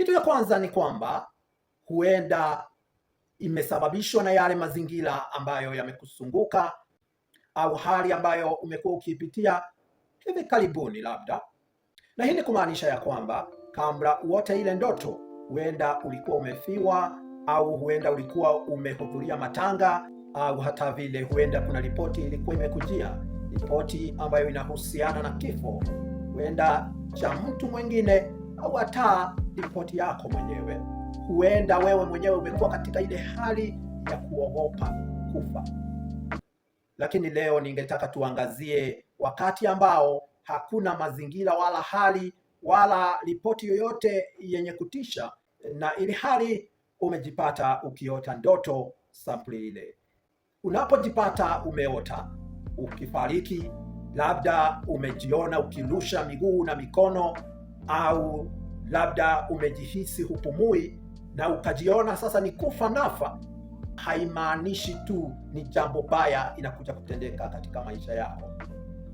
Kitu ya kwanza ni kwamba huenda imesababishwa na yale mazingira ambayo yamekuzunguka au hali ambayo umekuwa ukiipitia hivi karibuni labda, na hii ni kumaanisha ya kwamba kabla uote ile ndoto, huenda ulikuwa umefiwa au huenda ulikuwa umehudhuria matanga au hata vile, huenda kuna ripoti ilikuwa imekujia, ripoti ambayo inahusiana na kifo, huenda cha mtu mwingine au hata ripoti yako mwenyewe. Huenda wewe mwenyewe umekuwa katika ile hali ya kuogopa kufa, lakini leo ningetaka tuangazie wakati ambao hakuna mazingira wala hali wala ripoti yoyote yenye kutisha, na ili hali umejipata ukiota ndoto sampuli ile. Unapojipata umeota ukifariki, labda umejiona ukirusha miguu na mikono au Labda umejihisi hupumui na ukajiona sasa ni kufa nafa. Haimaanishi tu ni jambo baya inakuja kutendeka katika maisha yako,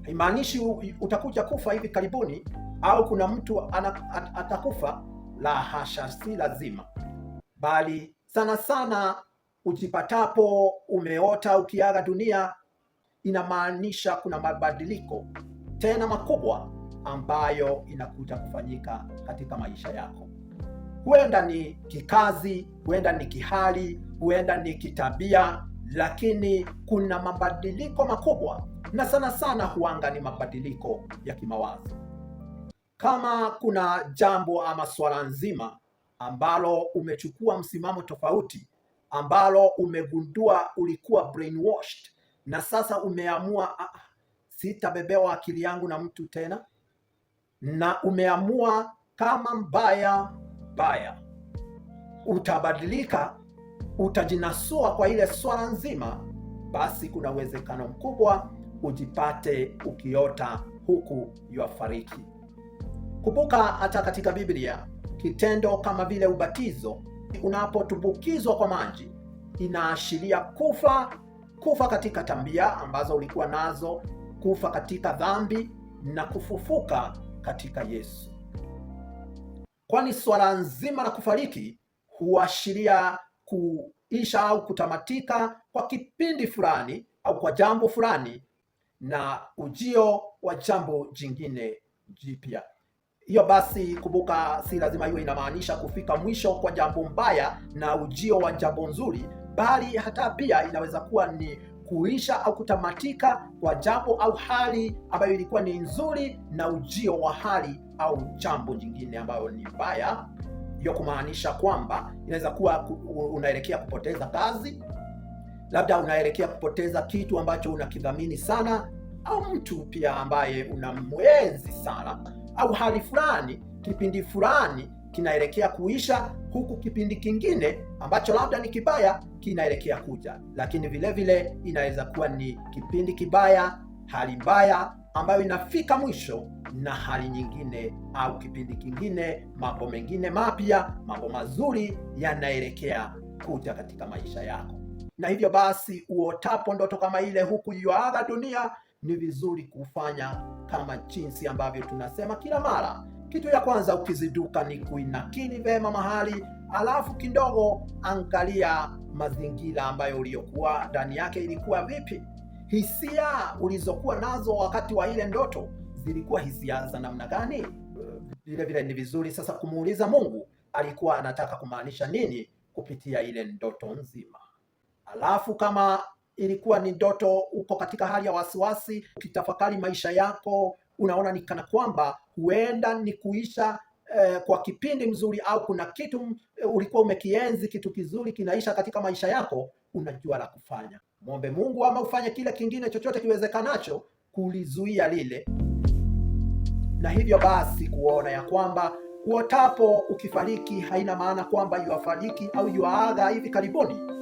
haimaanishi utakuja kufa hivi karibuni au kuna mtu atakufa. La hasha, si lazima, bali sana sana ujipatapo umeota ukiaga dunia, inamaanisha kuna mabadiliko tena makubwa ambayo inakuja kufanyika katika maisha yako. Huenda ni kikazi, huenda ni kihali, huenda ni kitabia, lakini kuna mabadiliko makubwa, na sana sana huanga ni mabadiliko ya kimawazo. Kama kuna jambo ama swala nzima ambalo umechukua msimamo tofauti, ambalo umegundua ulikuwa brainwashed, na sasa umeamua ah, ah sitabebewa akili yangu na mtu tena, na umeamua kama mbaya mbaya, utabadilika, utajinasua kwa ile swala nzima, basi kuna uwezekano mkubwa ujipate ukiota huku yuafariki. Kumbuka hata katika Biblia kitendo kama vile ubatizo unapotumbukizwa kwa maji inaashiria kufa, kufa katika tambia ambazo ulikuwa nazo, kufa katika dhambi na kufufuka katika Yesu, kwani swala nzima la kufariki huashiria kuisha au kutamatika kwa kipindi fulani au kwa jambo fulani na ujio wa jambo jingine jipya. Hiyo basi, kumbuka, si lazima iwe inamaanisha kufika mwisho kwa jambo mbaya na ujio wa jambo nzuri, bali hata pia inaweza kuwa ni kuisha au kutamatika kwa jambo au hali ambayo ilikuwa ni nzuri na ujio wa hali au jambo jingine ambayo ni mbaya. Hiyo kumaanisha kwamba inaweza kuwa unaelekea kupoteza kazi, labda unaelekea kupoteza kitu ambacho unakidhamini sana, au mtu pia ambaye unamwezi sana, au hali fulani, kipindi fulani kinaelekea kuisha, huku kipindi kingine ambacho labda ni kibaya kinaelekea kuja. Lakini vile vile inaweza kuwa ni kipindi kibaya, hali mbaya ambayo inafika mwisho na hali nyingine au kipindi kingine, mambo mengine mapya, mambo mazuri yanaelekea kuja katika maisha yako. Na hivyo basi uotapo ndoto kama ile, huku yuaga dunia ni vizuri kufanya kama jinsi ambavyo tunasema kila mara. Kitu ya kwanza ukiziduka ni kuinakili vema mahali, alafu kidogo angalia mazingira ambayo uliyokuwa ndani yake ilikuwa vipi. Hisia ulizokuwa nazo wakati wa ile ndoto zilikuwa hisia za namna gani? Vile vile ni vizuri sasa kumuuliza Mungu alikuwa anataka kumaanisha nini kupitia ile ndoto nzima. Alafu kama ilikuwa ni ndoto, uko katika hali ya wasiwasi, ukitafakari maisha yako unaona ni kana kwamba huenda ni kuisha eh, kwa kipindi mzuri, au kuna kitu eh, ulikuwa umekienzi, kitu kizuri kinaisha katika maisha yako, unajua la kufanya. Mwombe Mungu ama ufanye kile kingine chochote kiwezekanacho kulizuia lile, na hivyo basi kuona ya kwamba uotapo ukifariki haina maana kwamba yuafariki au yuaaga hivi karibuni.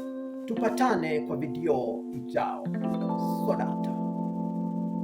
Tupatane kwa video ijao. Soda.